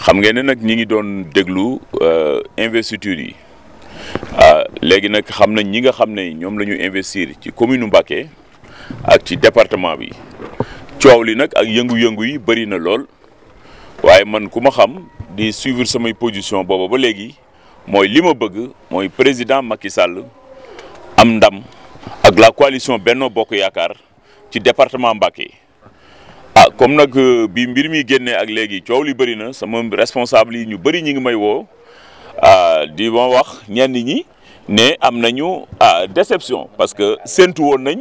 xam ngeen ne nag ñi ngi doon déglu euh, investiture yi ah, léegi nag xam nañ ñi nga xam ne ñoom la ñu investir ci commune Mbacké ak ci département bi coow li nag ak yëngu-yëngu yi bëri na lool waaye man ku ma xam di suivre samay position booba ba léegi mooy li ma bëgg mooy président Macky sàll am ndam ak la coalition Benno Bokk Yaakaar ci département Mbacké ah comme nag euh, bi mbir mi génne ak léegi coow li bëri na sama responsable yi ñu bëri ñi ngi may woo ah, di ma wax ñenn ñi ne am nañu ah, déception parce que séntu woon nañ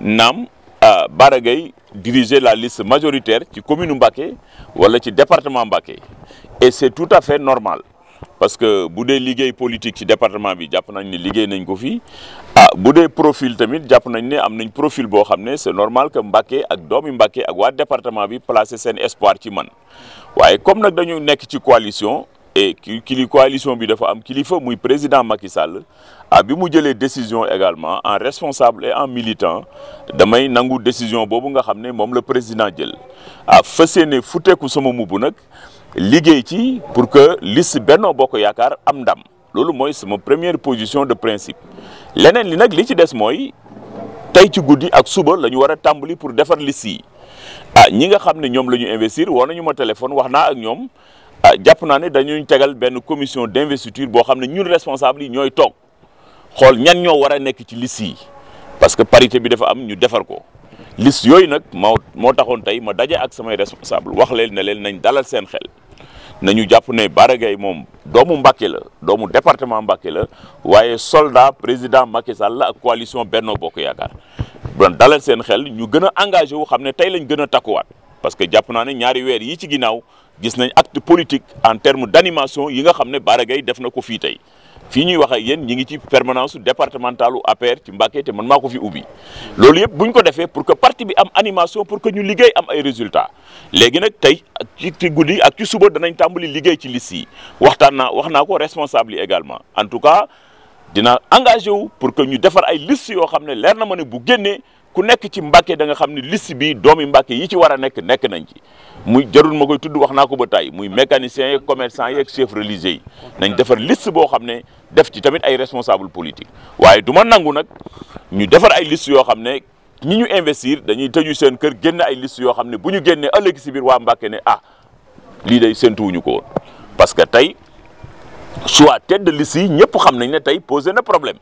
naam ah, Bara Gaye diriger la liste majoritaire ci commune Mbacké wala ci département Mbacké et c'est tout à fait normal parce que bu dee liggéey politique ci département bi jàpp nañ ne liggéey nañ ko fii ah bu dee profil tamit jàpp nañ ne am nañ profil boo xam ne c'est normal que Mbacké ak doomi Mbacké ak waa département bi placer seen espoir ci man waaye comme nag dañu nekk ci coalition et kili coalition bi dafa am kilifa muy président Macky Sall ah bi mu jëlee décision également en responsable et en militant damay nangu décision boobu nga xam ne moom la président jël ah fas yéene futteeku sama mbubb nag liggéey ci pour que liste Benno Bokk Yaakaar am ndam loolu mooy sama première position de principe leneen li nag li ci des mooy tey ci guddi ak suba la ñu war a tàmbali pour defar liste yi ah ñi nga xam ne ñoom la ñu investir woo ñu ma téléphone wax naa ak ñoom ah jàpp naa ne dañuy tegal benn commission d'investiture boo xam ne ñun responsable yi ñooy toog xool ñan ñoo war a nekk ci liste yi parce que parité bi dafa am ñu defar ko. liste yooyu nag moo moo taxoon tey ma daje ak samay responsable wax leen ne leen nañ dalal seen xel nañu jàpp ne Bara Gaye moom doomu Mbacké la doomu département Mbacké la waaye soldat président Macky Sall ak coalition Benno Bokk Yaakaar bon dalal seen xel ñu gën a engagé wu xam ne tey lañ gën a takkuwaat parce que jàpp naa ne ñaari weer yi ci ginnaaw gis nañ acte politique en terme d' animation yi nga xam ne Bara Gaye def na ko fii tey fii ñuy waxee yen yéen ñi ngi ci permanence départementale u APR ci Mbacké te man maa ko fi ubbi loolu yëpp bu ñu ko defee pour que parti bi am animation pour que ñu liggéey am ay résultat léegi nag tey ci ci guddi ak ci suba danañ tàmbali liggéey ci liste yi waxtaan naa wax naa ko responsable également en tout cas dina engagé wu pour que ñu defar ay liste yoo xam ne leer na ma ne bu génnee ku nekk ci Mbàkke da nga xam ne liste bi doomi Mbàkke yi ci war a nekk nekk nañ ci muy jarul ma koy tudd wax naa ko ba tàyyi muy mécaniciens yeeg commerçant yeeg chef religieux yi nañ defar liste boo xam ne def ci tamit ay responsable politique waaye du ma nangu nag ñu defar ay liste yoo xam ne ñi ñu investir dañuy tëju seen kër génn ay liste yoo xam ne bu ñu génnee ëllëg si biir waa Mbàkke ne ah lii day séntuwuñu ko woon parce que tey soit tête de liste yi ñëpp xam nañ ne tey posé na problème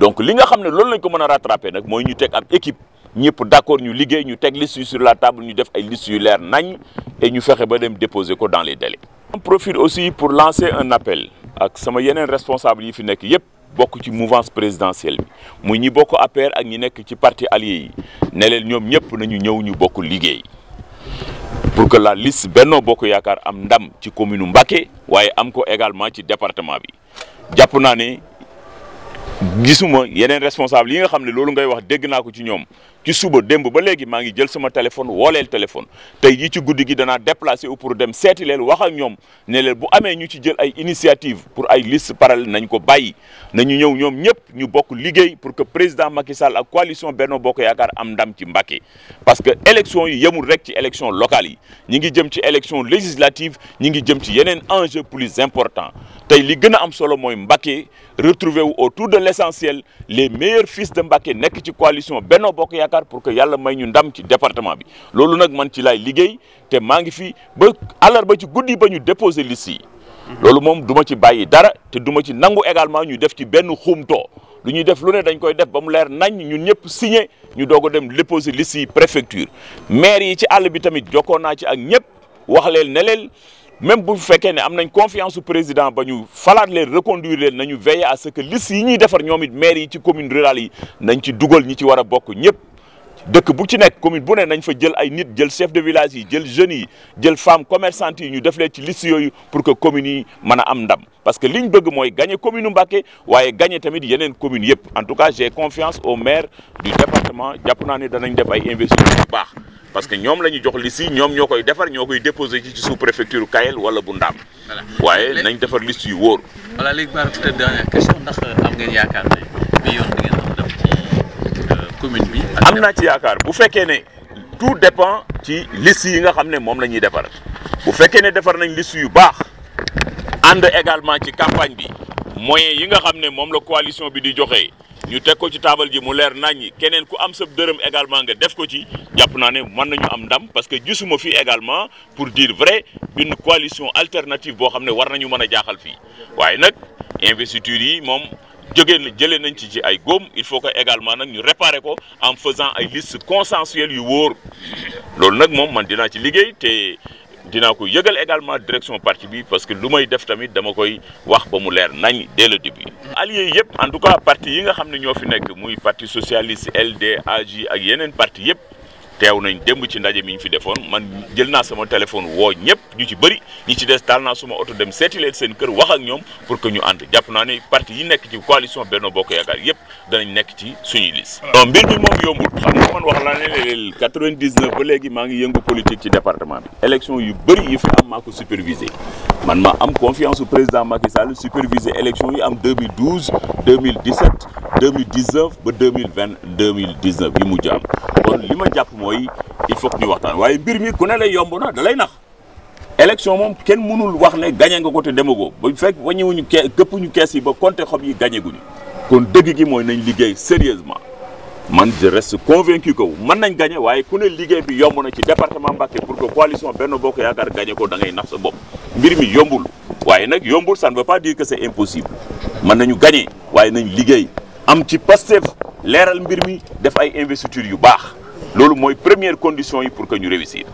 donc li nga xam ne loolu lañ ko mën a rattraper nag mooy ñu teg ab équipe ñëpp d'accord ñu liggéey ñu teg liste yu sur la table ñu def ay liste yu leer nañ et ñu fexe ba dem déposé ko dans les délais. on profite aussi pour lancer un appel ak sama yeneen responsable yi fi nekk yëpp bokk ci mouvance présidentielle bi muy ñi bokk APR ak ñi nekk ci parti alliés yi ne leen ñoom ñëpp ñu ñëw ñu bokk liggéey pour que la liste Benno Bokk Yaakaar am ndam ci commune Mbacké waaye am ko également ci département bi jàpp naa ne. gisuma yeneen responsable yi nga xam ne loolu ngay wax dégg naa ko ci ñoom ci suba démb ba léegi maa ngi jël sama téléphone wooleel téléphone tey jii ci guddi gi danaa déplacé wu pour dem seeti leen wax ak ñoom ne leen bu amee ñu ci jël ay initiative pour ay liste parallèle nañ ko bàyyi nañu ñëw ñoom ñëpp ñu bokk liggéey pour que président Macky Sall ak coalition Benno Bokk Yaakaar am ndam ci Mbacké parce que élection yi yemul rek ci élection locale yi ñi ngi jëm ci élection législative ñi ngi jëm ci yeneen enjeu plus important tey li gën a am solo mooy Mbacké retrouver wu autour de l' essentiel les meilleurs fils de Mbacké nekk ci coalition Benno Bokk Yaakaar yaakaar pour que yàlla may ñu ndam ci département bi loolu nag man ci laay liggéey te maa ngi fi ba ba ci guddi ba ñu déposer liste loolu moom duma ci bàyyi dara te duma ci nangu également ñu def ci benn xumtoo lu ñuy def lu ne dañ koy def ba mu leer nañ ñun ñëpp signé ñu doog dem déposer lissi yi préfecture maire yi ci àll bi tamit jokkoo naa ci ak ñëpp wax leen ne leen même bu fekkee ne am nañ confiance su président ba ñu falaat leen reconduire leen nañu veiller à ce que liste yi ñuy defar ñoom it maire yi ci commune rurale yi nañ ci dugal ñi ci war a bokk ñëpp dëkk bu ci nekk commune bu ne nañ fa jël ay nit jël chef de village yi jël jeunes yi jël femmes commerçantes yi ñu def leen ci liste yooyu pour que communes yi mën a am ndam parce que liñ bëgg mooy gagner commune Mbacké waaye gagner tamit yeneen communes yëpp en tout cas j'ai confiance au maire du département jàpp naa ne danañ def ay investissement bu baax parce que ñoom la ñu jox liste yi ñoom ñoo koy defar ñoo koy déposé ci ci sous préfecture Kayel wala bu Ndaam. waaye nañ defar liste yu wóor. voilà am ngeen yaakaar ne am naa ci yaakaar bu fekkee ne tout dépend ci liste yi nga xam ne moom la ñuy defar bu fekkee ne defar nañ liste yu baax ànd également ci campagne bi moyens yi nga xam ne moom la coalition bi di joxe ñu teg ko ci taabal ji mu leer nañ ñi keneen ku am sa dërëm également nga def ko ci jàpp naa ne mën nañu am ndam parce que gisuma fii également pour diir vrai une coalition alternative boo xam ne war nañu mën a jaaxal fi waaye nag investiture yi moom. jógee na jëlee nañ ci ci ay góom il faut que également nag ñu réparer ko en faisant ay liste consensuelle yu wóor loolu nag moom man dinaa ci liggéey te dinaa ko yëgal également direction parti bi parce que lu may def tamit dama koy wax ba mu leer nañ dès le début. alliés yëpp en tout cas partie yi nga xam ne ñoo fi nekk muy parti socialiste LD AJ ak yeneen partie yëpp. teew nañ démb ci ndaje mi ñu fi defoon man jël naa sama téléphone woo ñëpp ñu ci bëri ñu ci des taal naa suma oto dem seeti leen seen kër wax ak ñoom pour que ñu ànd jàpp naa ne parti yi nekk ci coalition Benno Bokk Yaakaar yëpp danañ nekk ci suñuy liste. donc mbir mi moom yombul xam nga man wax laa ne leen 99 ba léegi maa ngi yëngu yu bëri yi fi am maa ko supervisé man ma am confiance au président Macky Sall supervisé yi am 2012 2017 ba yi mujj jàpp mooy élection yi il faut que ñu waxtaan waaye mbir mi ku ne lay yomb na da nax élection moom kenn mënul wax ne gañe nga ko te demagoo bu fekk wañuwuñu ke këppuñu kees yi ba compter xob yi gañe guñu kon dëgg gi mooy nañ liggéey sérieusement man je reste convaincu que mën nañ gañe waaye ku ne liggéey bi yomb na ci département Mbacké pour que coalition Benno Bokk Yaakaar gañe ko da ngay nax sa bopp mbir mi yombul waaye nag yombul ça ne veut pas dire que c'est impossible mën nañu gañe waaye nañ liggéey am loolu mooy première condition yi pour que ñu réussir